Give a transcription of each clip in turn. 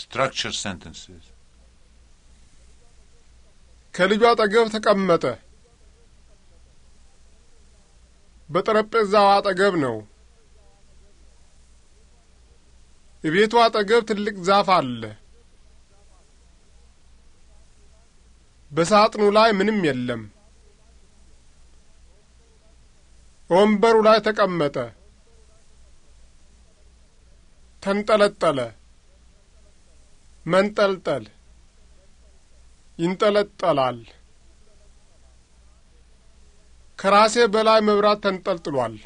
structured sentences ከልጁ አጠገብ ተቀመጠ። በጠረጴዛው አጠገብ ነው። የቤቱ አጠገብ ትልቅ ዛፍ አለ። በሳጥኑ ላይ ምንም የለም። ወንበሩ ላይ ተቀመጠ። ተንጠለጠለ። መንጠልጠል ይንጠለጠላል። ከራሴ በላይ መብራት ተንጠልጥሏል።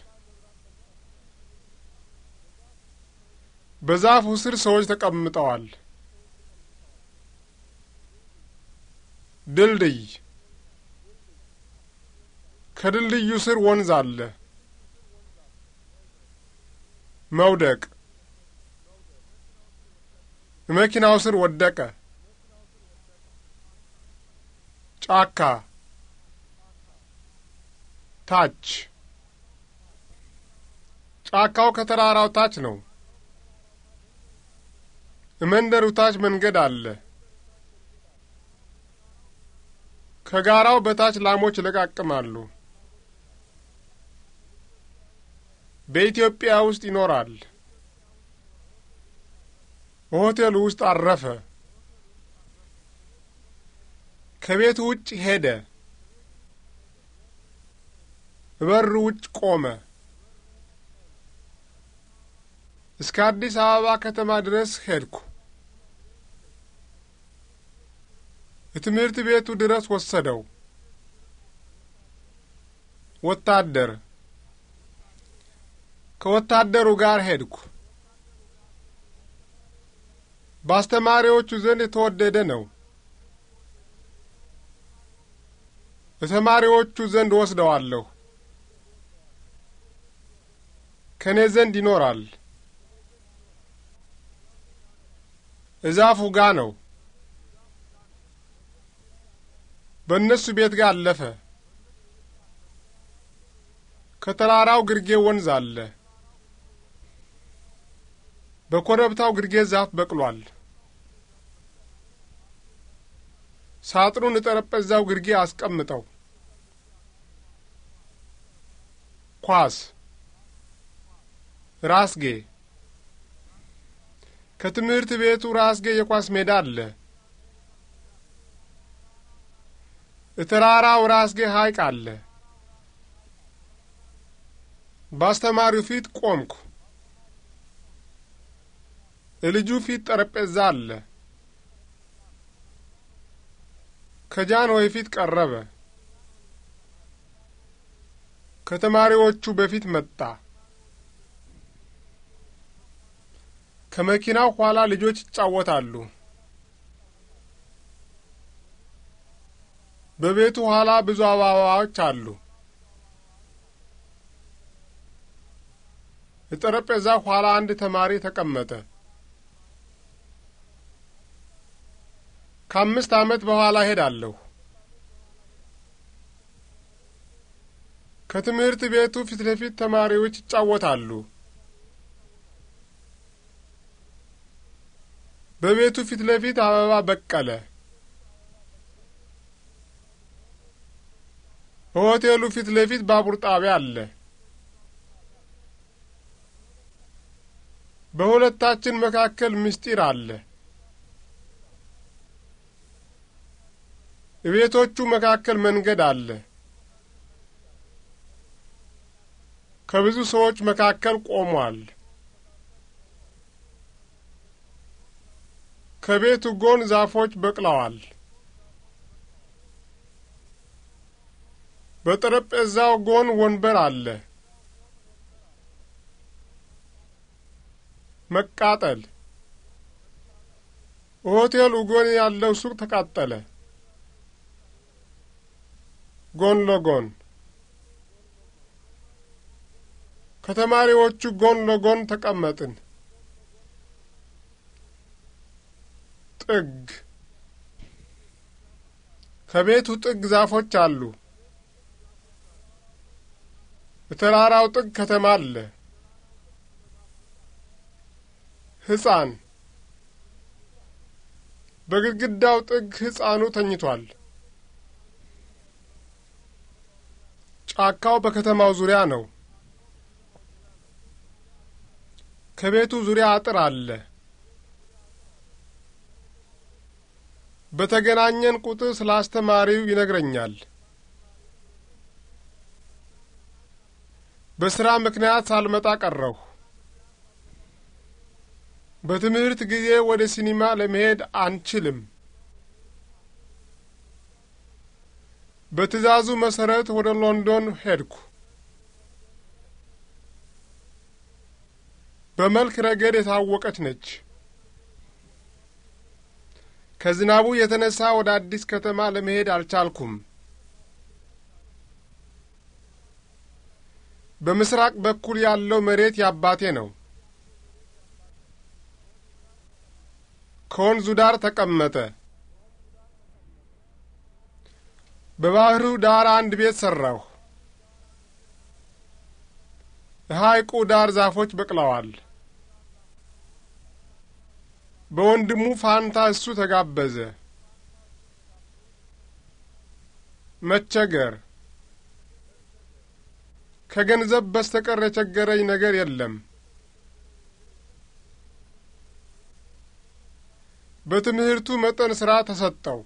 በዛፉ ስር ሰዎች ተቀምጠዋል። ድልድይ ከድልድዩ ስር ወንዝ አለ። መውደቅ መኪናው ስር ወደቀ። ጫካ ታች ጫካው ከተራራው ታች ነው። የመንደሩ ታች መንገድ አለ። ከጋራው በታች ላሞች ይለቃቅማሉ። በኢትዮጵያ ውስጥ ይኖራል። በሆቴሉ ውስጥ አረፈ። ከቤት ውጭ ሄደ። በር ውጭ ቆመ። እስከ አዲስ አበባ ከተማ ድረስ ሄድኩ። የትምህርት ቤቱ ድረስ ወሰደው። ወታደር ከወታደሩ ጋር ሄድኩ። በአስተማሪዎቹ ዘንድ የተወደደ ነው። በተማሪዎቹ ዘንድ ወስደዋለሁ። ከእኔ ዘንድ ይኖራል። እዛፉ ጋ ነው። በእነሱ ቤት ጋር አለፈ። ከተራራው ግርጌ ወንዝ አለ። በኮረብታው ግርጌ ዛፍ በቅሏል። ሳጥኑን ጠረጴዛው ግርጌ አስቀምጠው። ኳስ፣ ራስጌ። ከትምህርት ቤቱ ራስጌ የኳስ ሜዳ አለ። እተራራው ራስጌ ሐይቅ አለ። በአስተማሪው ፊት ቆምኩ። እልጁ ፊት ጠረጴዛ አለ። ከጃንሆይ ፊት ቀረበ። ከተማሪዎቹ በፊት መጣ። ከመኪናው ኋላ ልጆች ይጫወታሉ። በቤቱ ኋላ ብዙ አበባዎች አሉ። የጠረጴዛ ኋላ አንድ ተማሪ ተቀመጠ። ከአምስት ዓመት በኋላ ሄዳለሁ። ከትምህርት ቤቱ ፊት ለፊት ተማሪዎች ይጫወታሉ። በቤቱ ፊት ለፊት አበባ በቀለ። በሆቴሉ ፊት ለፊት ባቡር ጣቢያ አለ። በሁለታችን መካከል ምስጢር አለ። በቤቶቹ መካከል መንገድ አለ። ከብዙ ሰዎች መካከል ቆሟል። ከቤቱ ጎን ዛፎች በቅለዋል። በጠረጴዛው ጎን ወንበር አለ። መቃጠል። ሆቴሉ ጎን ያለው ሱቅ ተቃጠለ። ጎን ለጎን ከተማሪዎቹ ጎን ለጎን ተቀመጥን። ጥግ ከቤቱ ጥግ ዛፎች አሉ። በተራራው ጥግ ከተማ አለ። ሕፃን በግድግዳው ጥግ ሕፃኑ ተኝቷል። ጫካው በከተማው ዙሪያ ነው። ከቤቱ ዙሪያ አጥር አለ። በተገናኘን ቁጥር ስለ አስተማሪው ይነግረኛል። በስራ ምክንያት ሳልመጣ ቀረሁ። በትምህርት ጊዜ ወደ ሲኒማ ለመሄድ አንችልም። በትዕዛዙ መሰረት ወደ ሎንዶን ሄድኩ። በመልክ ረገድ የታወቀች ነች። ከዝናቡ የተነሳ ወደ አዲስ ከተማ ለመሄድ አልቻልኩም። በምስራቅ በኩል ያለው መሬት ያባቴ ነው። ከወንዙ ዳር ተቀመጠ። በባህሩ ዳር አንድ ቤት ሠራሁ። የሐይቁ ዳር ዛፎች በቅለዋል። በወንድሙ ፋንታ እሱ ተጋበዘ። መቸገር ከገንዘብ በስተቀር የቸገረኝ ነገር የለም። በትምህርቱ መጠን ሥራ ተሰጠው።